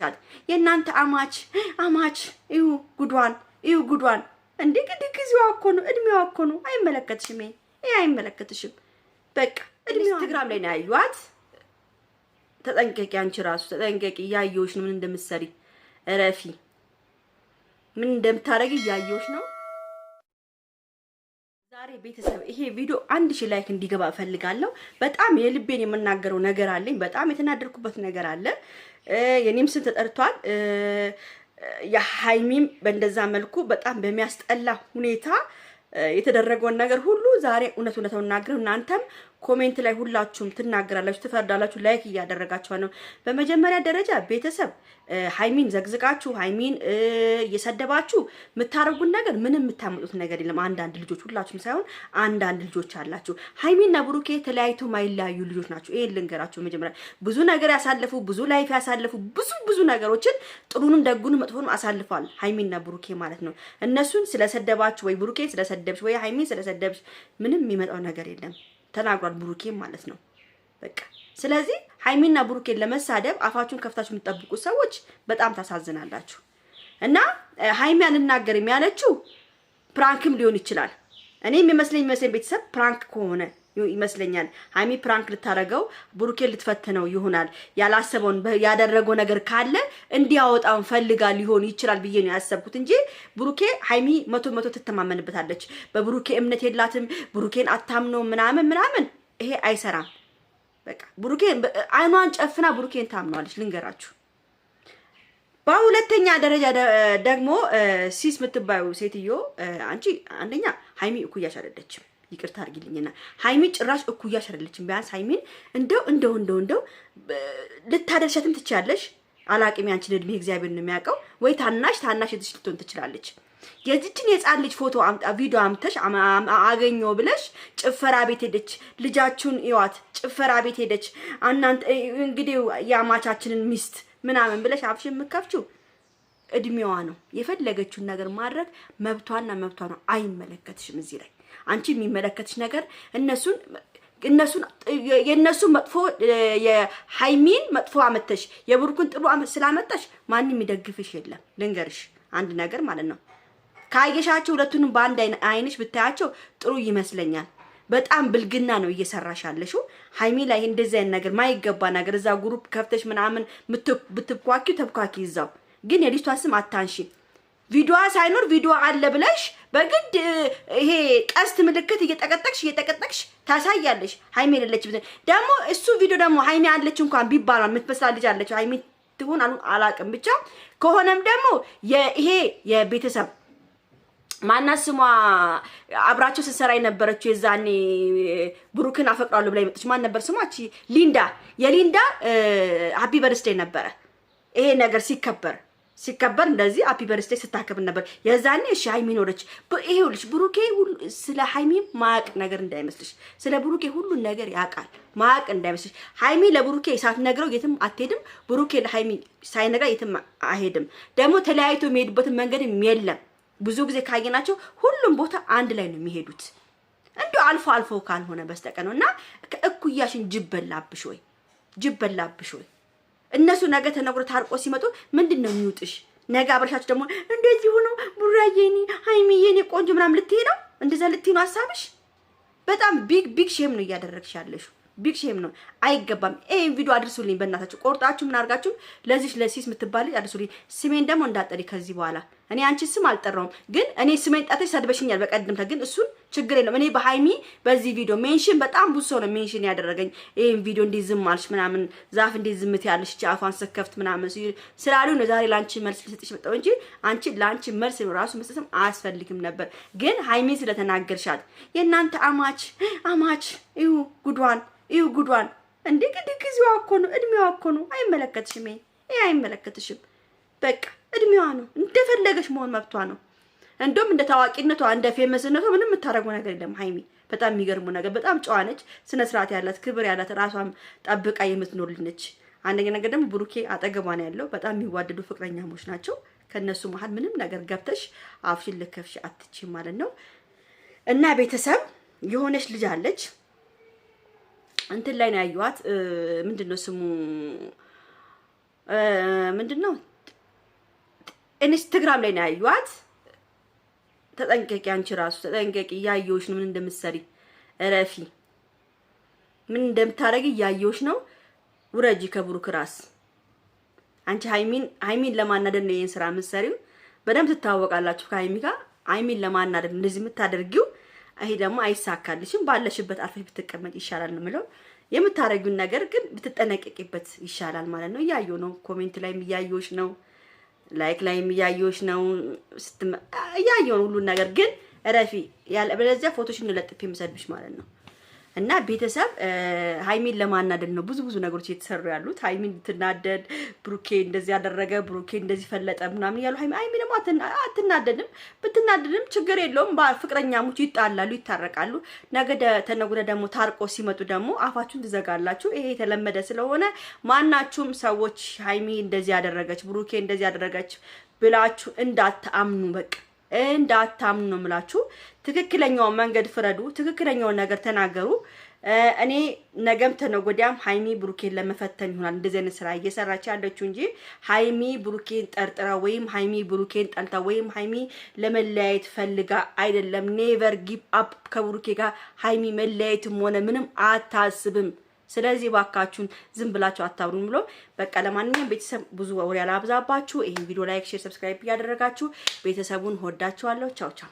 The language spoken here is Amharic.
ይሻል የእናንተ አማች አማች እዩ ጉዷን እዩ ጉዷን። እንዴ ግድ ጊዜዋ እኮ ነው፣ እድሜዋ እኮ ነው። አይመለከትሽም፣ ይሄ አይመለከትሽም። በቃ ኢንስታግራም ላይ ነው ያዩዋት። ተጠንቀቂ፣ አንቺ ራሱ ተጠንቀቂ። እያየሁሽ ነው ምን እንደምትሰሪ እረፊ፣ ምን እንደምታደርጊ እያየሁሽ ነው። ቤተሰብ ይሄ ቪዲዮ አንድ ሺ ላይክ እንዲገባ እፈልጋለሁ። በጣም የልቤን የምናገረው ነገር አለኝ። በጣም የተናደርኩበት ነገር አለ። የኔም ስም ተጠርቷል። የሀይሚም በእንደዛ መልኩ በጣም በሚያስጠላ ሁኔታ የተደረገውን ነገር ሁሉ ዛሬ እውነት እውነት እናገረው እናንተም ኮሜንት ላይ ሁላችሁም ትናገራላችሁ፣ ትፈርዳላችሁ። ላይክ እያደረጋችሁ ነው። በመጀመሪያ ደረጃ ቤተሰብ ሀይሚን ዘግዝቃችሁ ሀይሚን እየሰደባችሁ የምታደርጉት ነገር ምንም የምታመጡት ነገር የለም። አንዳንድ ልጆች ሁላችሁም ሳይሆን አንዳንድ ልጆች አላችሁ። ሀይሚና ብሩኬ ተለያይቶ ማይለያዩ ልጆች ናቸው። ይሄን ልንገራችሁ። መጀመሪያ ብዙ ነገር ያሳለፉ ብዙ ላይፍ ያሳለፉ ብዙ ብዙ ነገሮችን ጥሩንም፣ ደጉንም መጥፎንም አሳልፏል ሀይሚና ብሩኬ ማለት ነው። እነሱን ስለሰደባችሁ ወይ ብሩኬ ስለሰደብሽ ወይ ሀይሚን ስለሰደብሽ ምንም የሚመጣው ነገር የለም። ተናግሯል። ብሩኬን ማለት ነው በቃ። ስለዚህ ሀይሚና ብሩኬን ለመሳደብ አፋችሁን ከፍታችሁ የምትጠብቁ ሰዎች በጣም ታሳዝናላችሁ። እና ሀይሚ አልናገርም ያለችው ፕራንክም ሊሆን ይችላል። እኔ የሚመስለኝ የሚመስለኝ ቤተሰብ ፕራንክ ከሆነ ይመስለኛል። ሀይሚ ፕራንክ ልታረገው ብሩኬ ልትፈትነው ይሆናል። ያላሰበውን ያደረገው ነገር ካለ እንዲያወጣውን ፈልጋ ሊሆን ይችላል ብዬ ነው ያሰብኩት እንጂ ብሩኬ ሀይሚ መቶ መቶ ትተማመንበታለች። በብሩኬ እምነት የላትም። ብሩኬን አታምነው ምናምን ምናምን፣ ይሄ አይሰራም። በቃ ብሩኬ አይኗን ጨፍና ብሩኬን ታምነዋለች። ልንገራችሁ በሁለተኛ ደረጃ ደግሞ ሲስ የምትባዩ ሴትዮ አንቺ አንደኛ ሀይሚ እኩያሽ አይደለችም። ይቅርታ አድርጊልኝና ሀይሚ ጭራሽ እኩያሽ አይደለችም። ቢያንስ ሀይሚን እንደው እንደው እንደው እንደው ልታደርሻትም ትችያለሽ። አላቅም ያንቺን እድሜ እግዚአብሔር ነው የሚያውቀው። ወይ ታናሽ ታናሽ የትሽ ልትሆን ትችላለች። የዚችን የጻን ልጅ ፎቶ ቪዲዮ አምተሽ አገኘው ብለሽ ጭፈራ ቤት ሄደች። ልጃችሁን እዋት ጭፈራ ቤት ሄደች። እናንተ እንግዲህ የአማቻችንን ሚስት ምናምን ብለሽ አፍሽ የምከፍችው እድሜዋ ነው። የፈለገችውን ነገር ማድረግ መብቷና መብቷ ነው። አይመለከትሽም እዚህ ላይ አንቺ የሚመለከትሽ ነገር እነሱን እነሱን የእነሱን መጥፎ የሀይሚን መጥፎ አመተሽ የብሩክን ጥሩ ስላመጣሽ ማንም የሚደግፍሽ የለም። ልንገርሽ አንድ ነገር ማለት ነው። ካየሻቸው ሁለቱንም በአንድ አይንሽ ብታያቸው ጥሩ ይመስለኛል። በጣም ብልግና ነው እየሰራሽ ያለሽው ሀይሚ ላይ እንደዚህ አይነት ነገር ማይገባ ነገር እዛ ግሩፕ ከፍተሽ ምናምን ብትኳኪው ተብኳኪ ይዛው ግን የልጅቷ ስም አታንሺ። ቪዲዮ ሳይኖር ቪዲዮ አለ ብለሽ በግድ ይሄ ቀስት ምልክት እየጠቀጠቅሽ እየጠቀጠቅሽ ታሳያለሽ። ሀይሚ የሌለች ብትል ደግሞ እሱ ቪዲዮ ደግሞ ሀይሚ አለች እንኳን ቢባሏል የምትመስላ ልጅ አለች ሀይሚ ትሁን አላውቅም። ብቻ ከሆነም ደግሞ ይሄ የቤተሰብ ማና ስሟ አብራቸው ስትሰራ የነበረችው የዛኔ ብሩክን አፈቅራለሁ ብላ የመጣች ማን ነበር ስሟ? ሊንዳ የሊንዳ ሀቢ በርስዴ ነበረ ይሄ ነገር ሲከበር ሲከበር እንደዚህ አፒ በርስቴ ስታከብር ነበር። የዛኔ እሺ ሀይሚ ኖረች። ይኸውልሽ ብሩኬ ስለ ሀይሚ ማቅ ነገር እንዳይመስልሽ፣ ስለ ብሩኬ ሁሉን ነገር ያውቃል። ማቅ እንዳይመስልሽ። ሀይሚ ለብሩኬ ሳትነግረው የትም አትሄድም። ብሩኬ ለሀይሚ ሳይነግራ የትም አይሄድም። ደግሞ ተለያይቶ የሚሄዱበትን መንገድም የለም። ብዙ ጊዜ ካየናቸው ሁሉም ቦታ አንድ ላይ ነው የሚሄዱት፣ እንዲ አልፎ አልፎ ካልሆነ በስተቀር ነው እና እኩያሽን ጅበላብሽ ወይ ጅበላብሽ ወይ እነሱ ነገ ተነግሮ ታርቆ ሲመጡ ምንድን ነው የሚውጥሽ? ነገ አብረሻችሁ ደግሞ እንደዚህ ሆኖ ቡራዬኒ ሀይሚዬኒ ቆንጆ ምናምን ልትሄ ነው እንደዛ ልትሄ ነው ሀሳብሽ። በጣም ቢግ ቢግ ሼም ነው እያደረግሽ ያለሽ ቢግ ሼም ነው። አይገባም። ይሄን ቪዲዮ አድርሱልኝ በእናታችሁ ቆርጣችሁ ምን አድርጋችሁ ለዚህ ለሲስ የምትባል አድርሱልኝ። ስሜን ደግሞ እንዳጠሪ ከዚህ በኋላ እኔ አንቺ ስም አልጠራውም፣ ግን እኔ ስሜን ጣተሽ ሰድበሽኛል በቀደምታ ግን እሱን ችግር የለም። እኔ በሀይሚ በዚህ ቪዲዮ ሜንሽን በጣም ብዙ ሰው ነው ሜንሽን ያደረገኝ። ይህን ቪዲዮ እንዴት ዝም አልሽ ምናምን ዛፍ እንዴት ዝምት ያለሽ አፏን ስከፍት ምናምን ሲ ስላሉ ነው ዛሬ ላንቺ መልስ ልሰጥሽ መጣሁ እንጂ አንቺ ላንቺ መልስ ራሱ መስጠትም አያስፈልግም ነበር። ግን ሀይሚ ስለተናገርሻት የእናንተ አማች አማች ይሁ ጉዷን ይሁ ጉዷን እንዴ ግድ ጊዜዋ እኮ ነው እድሜዋ እኮ ነው። አይመለከትሽም። ይሄ አይመለከትሽም። በቃ እድሜዋ ነው እንደፈለገች መሆን መብቷ ነው። እንደውም እንደ ታዋቂነቷ እንደ ፌመስነቷ ምንም የምታደርገው ነገር የለም ሀይሚ። በጣም የሚገርሙ ነገር በጣም ጨዋ ነች፣ ስነ ስርዓት ያላት፣ ክብር ያላት፣ ራሷን ጠብቃ የምትኖር ልጅ ነች። አንደኛ ነገር ደግሞ ብሩኬ አጠገቧ ነው ያለው። በጣም የሚዋደዱ ፍቅረኛሞች ናቸው። ከእነሱ መሀል ምንም ነገር ገብተሽ አፍሽን ልከፍሽ አትችም ማለት ነው። እና ቤተሰብ የሆነች ልጅ አለች እንትን ላይ ነው ያየኋት። ምንድን ነው ስሙ? ምንድን ነው ኢንስታግራም ላይ ነው ያየኋት። ተጠንቀቂ። አንቺ ራሱ ተጠንቀቂ። እያየሁሽ ነው ምን እንደምትሰሪ እረፊ። ምን እንደምታደርጊ እያየሁሽ ነው። ውረጂ ከብሩክ ራስ። አንቺ ሃይሚን ሃይሚን ለማናደድ ነው ይሄን ስራ የምትሰሪው። በደንብ ትታወቃላችሁ ከሃይሚ ጋር። ሃይሚን ለማናደድ እንደዚህ የምታደርጊው ይሄ ደግሞ አይሳካልሽም። ባለሽበት አርፈሽ ብትቀመጥ ይሻላል ነው የምለው። የምታረጊውን ነገር ግን ብትጠነቀቂበት ይሻላል ማለት ነው። እያየሁ ነው፣ ኮሜንት ላይም እያየሁሽ ነው። ላይክ ላይም እያየሁሽ ነው ስትመ እያየሁ ሁሉን ነገር ግን ረፊ ያለ በለዚያ ፎቶሽን ለጥፌ የምሰድብሽ ማለት ነው። እና ቤተሰብ ሀይሚን ለማናደድ ነው ብዙ ብዙ ነገሮች እየተሰሩ ያሉት። ሀይሚን ትናደድ፣ ብሩኬ እንደዚህ ያደረገ፣ ብሩኬ እንደዚህ ፈለጠ ምናምን እያሉ ሀይሚ ሀይሚ ደግሞ አትናደድም። ብትናደድም ችግር የለውም። ፍቅረኛሞች ይጣላሉ፣ ይታረቃሉ። ነገ ተነጉደ ደግሞ ታርቆ ሲመጡ ደግሞ አፋችሁን ትዘጋላችሁ። ይሄ የተለመደ ስለሆነ ማናችሁም ሰዎች ሀይሚ እንደዚህ ያደረገች፣ ብሩኬ እንደዚህ ያደረገች ብላችሁ እንዳታምኑ በቃ እንዳታምኑ ነው የምላችሁ። ትክክለኛውን መንገድ ፍረዱ። ትክክለኛውን ነገር ተናገሩ። እኔ ነገም ተነጎዲያም ሀይሚ ብሩኬን ለመፈተን ይሆናል እንደዚህ አይነት ስራ እየሰራች ያለችው እንጂ ሀይሚ ብሩኬን ጠርጥራ ወይም ሀይሚ ብሩኬን ጠልታ ወይም ሀይሚ ለመለያየት ፈልጋ አይደለም። ኔቨር ጊቭ አፕ ከብሩኬ ጋር ሀይሚ መለያየትም ሆነ ምንም አታስብም። ስለዚህ ባካችሁን ዝም ብላችሁ አታብሩን ብሎ በቃ ለማንኛውም ቤተሰብ ብዙ ወሬ ያላብዛባችሁ፣ ይህን ቪዲዮ ላይክ፣ ሼር፣ ሰብስክራይብ እያደረጋችሁ ቤተሰቡን ወዳችኋለሁ። ቻው ቻው።